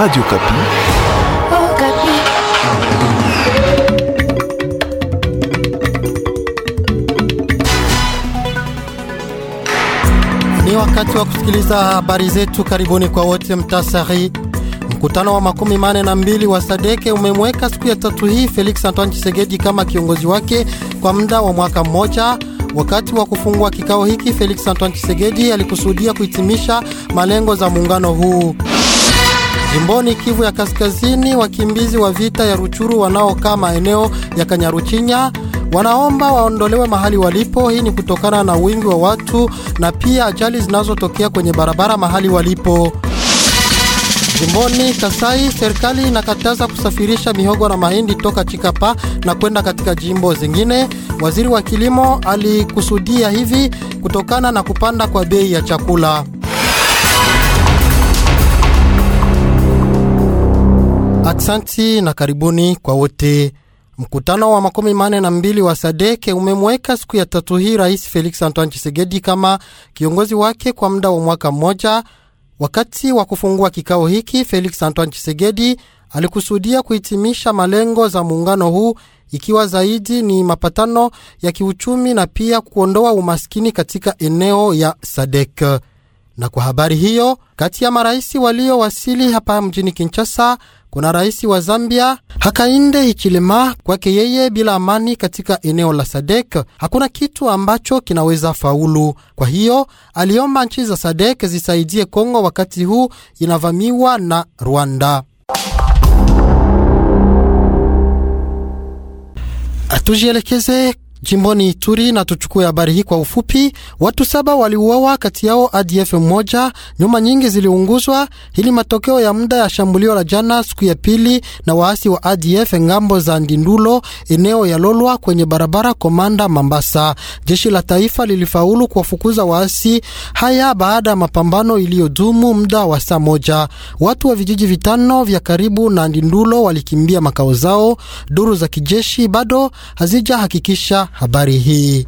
Radio Kapi. Oh, Kapi. Ni wakati wa kusikiliza habari zetu, karibuni kwa wote. Mtasari mkutano wa makumi mane na mbili wa Sadeke umemweka siku ya tatu hii Felix Antoine Tshisekedi kama kiongozi wake kwa muda wa mwaka mmoja. Wakati wa kufungua kikao hiki, Felix Antoine Tshisekedi alikusudia kuhitimisha malengo za muungano huu. Jimboni Kivu ya Kaskazini, wakimbizi wa vita ya Ruchuru wanaokaa maeneo ya Kanyaruchinya wanaomba waondolewe mahali walipo. Hii ni kutokana na wingi wa watu na pia ajali zinazotokea kwenye barabara mahali walipo. Jimboni Kasai, serikali inakataza kusafirisha mihogo na mahindi toka Chikapa na kwenda katika jimbo zingine. Waziri wa kilimo alikusudia hivi kutokana na kupanda kwa bei ya chakula. Aksanti na karibuni kwa wote. Mkutano wa makumi manne na mbili wa Sadeke umemweka siku ya tatu hii Rais Felix Antoine chisegedi kama kiongozi wake kwa muda wa mwaka mmoja. Wakati wa kufungua kikao hiki, Felix Antoine chisegedi alikusudia kuhitimisha malengo za muungano huu ikiwa zaidi ni mapatano ya kiuchumi na pia kuondoa umaskini katika eneo ya Sadek. Na kwa habari hiyo, kati ya marais waliowasili hapa mjini Kinshasa kuna rais wa Zambia Hakainde Hichilema. Kwake yeye, bila amani katika eneo la Sadek hakuna kitu ambacho kinaweza faulu. Kwa hiyo aliomba nchi za Sadek zisaidie Kongo wakati huu inavamiwa na Rwanda. Tujielekeze Jimboni Ituri na tuchukue habari hii kwa ufupi. Watu saba waliuawa, kati yao ADF mmoja, nyumba nyingi ziliunguzwa. Hili matokeo ya muda ya shambulio la jana siku ya pili na waasi wa ADF ngambo za Ndindulo, eneo ya Lolwa, kwenye barabara Komanda Mambasa. Jeshi la taifa lilifaulu kuwafukuza waasi haya baada ya mapambano iliyodumu muda wa saa moja. Watu wa vijiji vitano vya karibu na Ndindulo walikimbia makao zao. Duru za kijeshi bado hazijahakikisha habari hii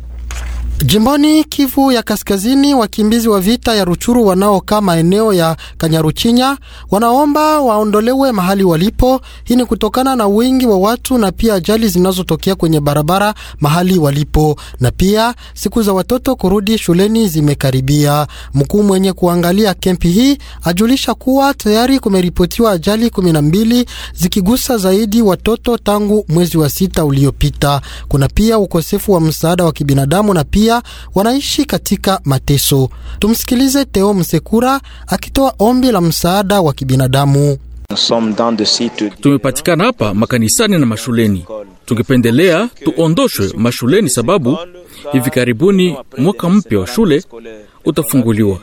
Jimboni Kivu ya Kaskazini, wakimbizi wa vita ya Ruchuru wanaokaa maeneo ya Kanyaruchinya wanaomba waondolewe mahali walipo. Hii ni kutokana na wingi wa watu na pia ajali zinazotokea kwenye barabara mahali walipo, na pia siku za watoto kurudi shuleni zimekaribia. Mkuu mwenye kuangalia kempi hii ajulisha kuwa tayari kumeripotiwa ajali kumi na mbili zikigusa zaidi watoto tangu mwezi wa sita uliopita. Kuna pia ukosefu wa msaada wa kibinadamu na pia raia wanaishi katika mateso. Tumsikilize Teo Msekura akitoa ombi la msaada wa kibinadamu. Tumepatikana hapa makanisani na mashuleni, tungependelea tuondoshwe mashuleni sababu hivi karibuni mwaka mpya wa shule utafunguliwa.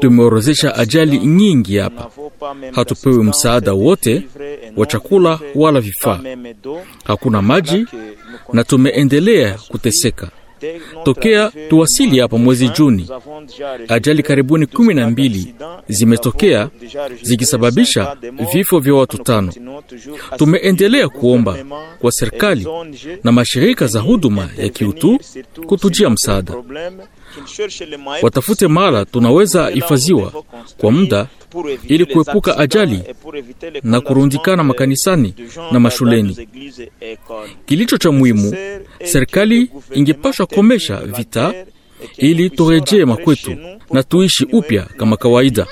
Tumeorozesha ajali nyingi hapa, hatupewi msaada wote wa chakula wala vifaa, hakuna maji na tumeendelea kuteseka. Tokea tuwasili hapa mwezi Juni, ajali karibuni kumi na mbili zimetokea zikisababisha vifo vya watu tano. Tumeendelea kuomba kwa serikali na mashirika za huduma ya kiutu kutujia msaada watafute mara tunaweza hifadhiwa kwa muda ili kuepuka ajali na kurundikana makanisani na mashuleni. Kilicho cha muhimu, serikali ingepashwa komesha vita ili turejee makwetu na tuishi upya kama kawaida.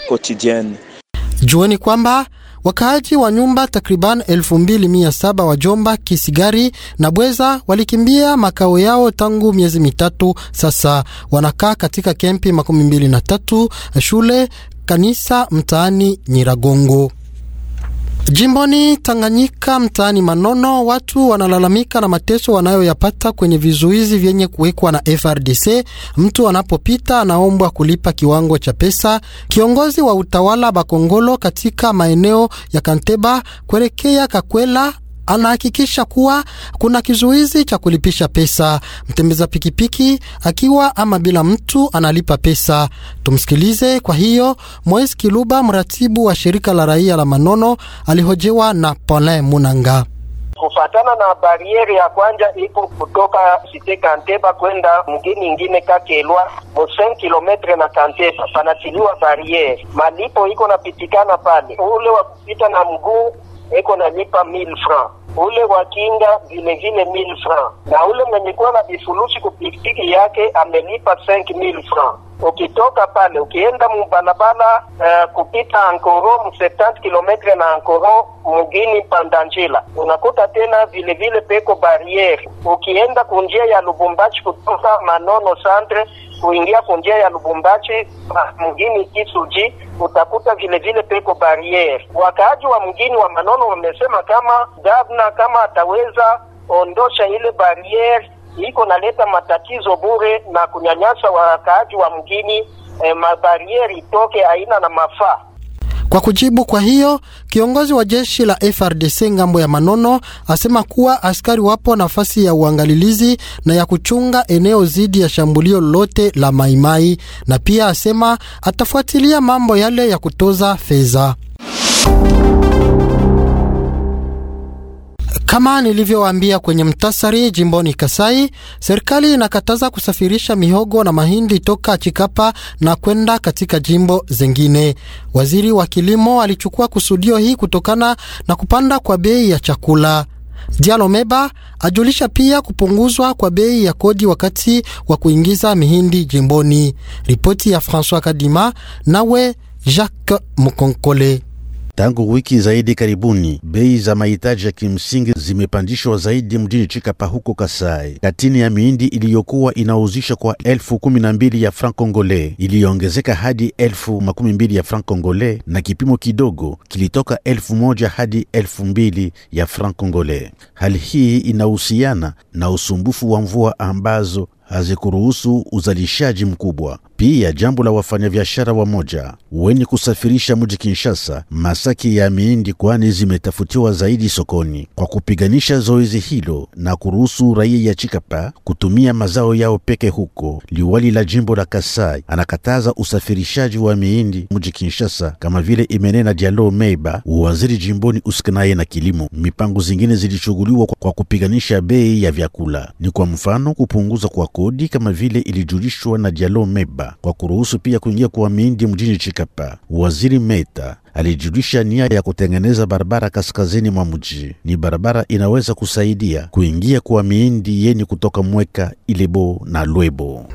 Jueni kwamba Wakaaji wa nyumba takriban 2700 wa Jomba, Kisigari na Bweza walikimbia makao yao tangu miezi mitatu sasa. Wanakaa katika kempi makumi mbili na tatu, shule, kanisa mtaani Nyiragongo. Jimboni Tanganyika, mtaani Manono, watu wanalalamika na mateso wanayoyapata kwenye vizuizi vyenye kuwekwa na FRDC. Mtu anapopita anaombwa kulipa kiwango cha pesa. Kiongozi wa utawala Bakongolo katika maeneo ya Kanteba kuelekea Kakwela anahakikisha kuwa kuna kizuizi cha kulipisha pesa. Mtembeza pikipiki akiwa ama bila mtu analipa pesa. Tumsikilize. Kwa hiyo Moise Kiluba, mratibu wa shirika la raia la Manono, alihojewa na Polin Munanga. Kufatana na bariere ya kwanja ipo kutoka site Kanteba kwenda mgini ingine Kakelwa mo 5 kilometre na Kanteba panatiliwa bariere, malipo iko napitikana pale. Ule wa kupita na mguu iko nalipa 1000 francs ule wa kinga vile vile 1000 francs, na ule kuwa na vifurushi kupikipiki yake amelipa 5000 francs. Ukitoka pale ukienda mubalabala uh, eh, kupita Ankoro mu70 kilometre na Ankoro mugini Pandanjila, unakuta tena vile vile peko barriere Ukienda kunjia ya Lubumbashi kutoka Manono centre kuingia njia ya Lubumbashi mjini Kisuji utakuta vilevile peko barriere. Wakaaji wa mjini wa Manono wamesema kama gavana kama ataweza ondosha ile barriere iko naleta matatizo bure na kunyanyasa wakaaji wa mjini, eh, mabarieri itoke aina na mafaa kwa kujibu kwa hiyo, kiongozi wa jeshi la FRDC ngambo ya Manono asema kuwa askari wapo nafasi ya uangalilizi na ya kuchunga eneo zidi ya shambulio lolote la Maimai, na pia asema atafuatilia mambo yale ya kutoza fedha. Kama nilivyowaambia kwenye mtasari, jimboni Kasai serikali inakataza kusafirisha mihogo na mahindi toka Chikapa na kwenda katika jimbo zengine. Waziri wa kilimo alichukua kusudio hii kutokana na kupanda kwa bei ya chakula. dialo meba ajulisha pia kupunguzwa kwa bei ya kodi wakati wa kuingiza mihindi jimboni. Ripoti ya François Kadima nawe Jacques Mukonkole. Tangu wiki zaidi karibuni, bei za mahitaji ya kimsingi zimepandishwa zaidi mjini Chikapa huko Kasai. Katini ya mihindi iliyokuwa inauzishwa kwa elfu kumi na mbili ya franc congolais iliyoongezeka hadi elfu makumi mbili ya franc congolais, na kipimo kidogo kilitoka elfu moja hadi elfu mbili ya franc congolais. Hali hii inahusiana na usumbufu wa mvua ambazo hazikuruhusu uzalishaji mkubwa pia jambo la wafanyabiashara wamoja wenye kusafirisha mji Kinshasa masaki ya miindi, kwani zimetafutiwa zaidi sokoni. Kwa kupiganisha zoezi hilo na kuruhusu raia ya Chikapa kutumia mazao yao peke huko, liwali la jimbo la Kasai anakataza usafirishaji wa miindi mji Kinshasa, kama vile imenena Dialo Meiba, waziri jimboni usikanaye na kilimo. Mipango zingine zilichuguliwa kwa kupiganisha bei ya vyakula, ni kwa mfano kupunguza kwa kodi kama vile ilijulishwa na Dialo Meiba kwa kuruhusu pia kuingia kwa miindi mjini Chikapa. Waziri Meta alijulisha nia ya kutengeneza barabara kaskazini mwa mji. Ni barabara inaweza kusaidia kuingia kwa miindi yeni kutoka Mweka, Ilebo na Lwebo.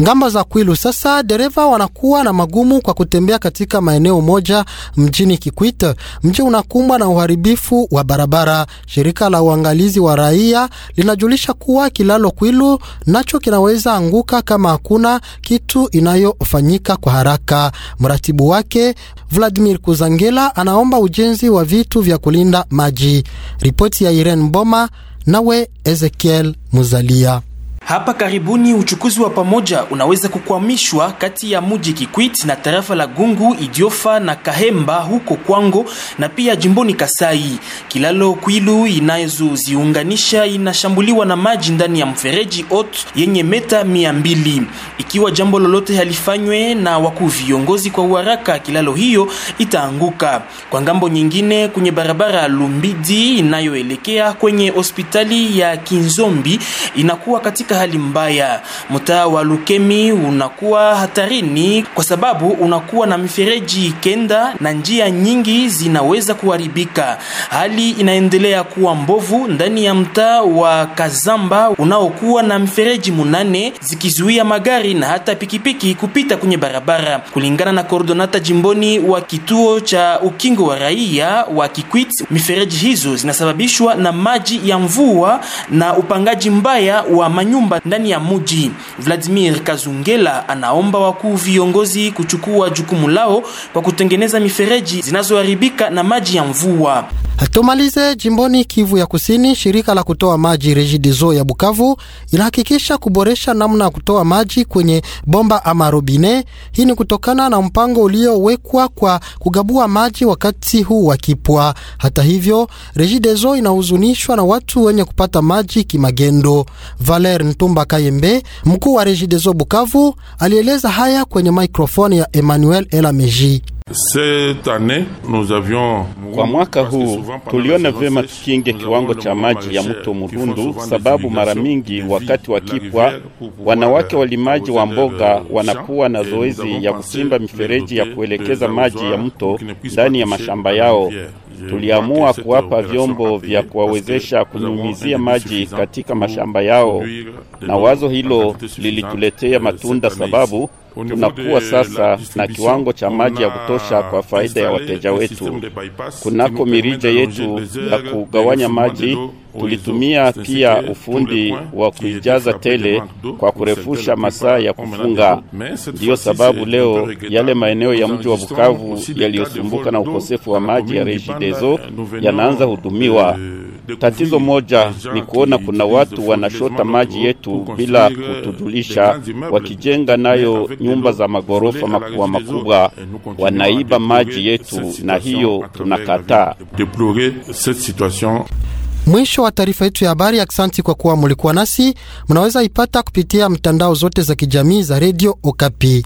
Ngamba za Kwilu sasa dereva wanakuwa na magumu kwa kutembea katika maeneo moja mjini Kikwit. Mji unakumbwa na uharibifu wa barabara. Shirika la uangalizi wa raia linajulisha kuwa kilalo Kwilu nacho kinaweza anguka kama hakuna kitu inayofanyika kwa haraka. Mratibu wake Vladimir Kuzangela anaomba ujenzi wa vitu vya kulinda maji. Ripoti ya Irene Mboma nawe Ezekiel Muzalia. Hapa karibuni uchukuzi wa pamoja unaweza kukwamishwa kati ya muji Kikwit na tarafa la Gungu, Idiofa na Kahemba huko Kwango na pia jimboni Kasai. Kilalo Kwilu inazoziunganisha inashambuliwa na maji ndani ya mfereji ot yenye meta mia mbili. Ikiwa jambo lolote halifanywe na wakuu viongozi kwa uharaka, kilalo hiyo itaanguka. Kwa ngambo nyingine, kwenye barabara Lumbidi inayoelekea kwenye hospitali ya Kinzombi inakuwa katika hali mbaya. Mtaa wa Lukemi unakuwa hatarini kwa sababu unakuwa na mifereji kenda na njia nyingi zinaweza kuharibika. Hali inaendelea kuwa mbovu ndani ya mtaa wa Kazamba unaokuwa na mifereji munane zikizuia magari na hata pikipiki kupita kwenye barabara. Kulingana na koordonata jimboni wa kituo cha ukingo wa raia wa Kikwit, mifereji hizo zinasababishwa na maji ya mvua na upangaji mbaya wa manyumba manyumba ndani ya muji. Vladimir Kazungela anaomba wakuu viongozi kuchukua jukumu lao kwa kutengeneza mifereji zinazoharibika na maji ya mvua. Tumalize jimboni Kivu ya Kusini. Shirika la kutoa maji Regideso ya Bukavu inahakikisha kuboresha namna ya kutoa maji kwenye bomba ama robine. Hii ni kutokana na mpango uliowekwa kwa kugabua maji wakati huu wa kipwa. Hata hivyo, Regideso inahuzunishwa na watu wenye kupata maji kimagendo. Valer Ntumba Kayembe, mkuu wa Regideso Bukavu, alieleza haya kwenye mikrofoni ya Emmanuel Elameji. Kwa mwaka huu tuliona vyema tukinge kiwango cha maji ya mto Murundu, sababu mara mingi wakati wa kipwa wanawake walimaji wa mboga wanakuwa na zoezi ya kusimba mifereji ya kuelekeza maji ya mto ndani ya mashamba yao. Tuliamua kuwapa vyombo vya kuwawezesha kunyunyizia maji katika mashamba yao, na wazo hilo lilituletea matunda sababu Tunakuwa sasa na kiwango cha maji ya kutosha kwa faida ya wateja wetu. Kunako mirija yetu ya kugawanya maji, tulitumia pia ufundi wa kuijaza tele kwa kurefusha masaa ya kufunga. Ndiyo sababu leo yale maeneo ya mji wa Bukavu yaliyosumbuka na ukosefu wa maji ya Regideso yanaanza hudumiwa. Tatizo moja ni kuona kuna watu wanashota maji yetu bila kutujulisha, wakijenga nayo nyumba za magorofa makubwa makubwa, wanaiba maji yetu, na hiyo tunakataa. Mwisho wa taarifa yetu ya habari. Aksanti kwa kuwa mulikuwa nasi. Mnaweza ipata kupitia mtandao zote za kijamii za redio Okapi.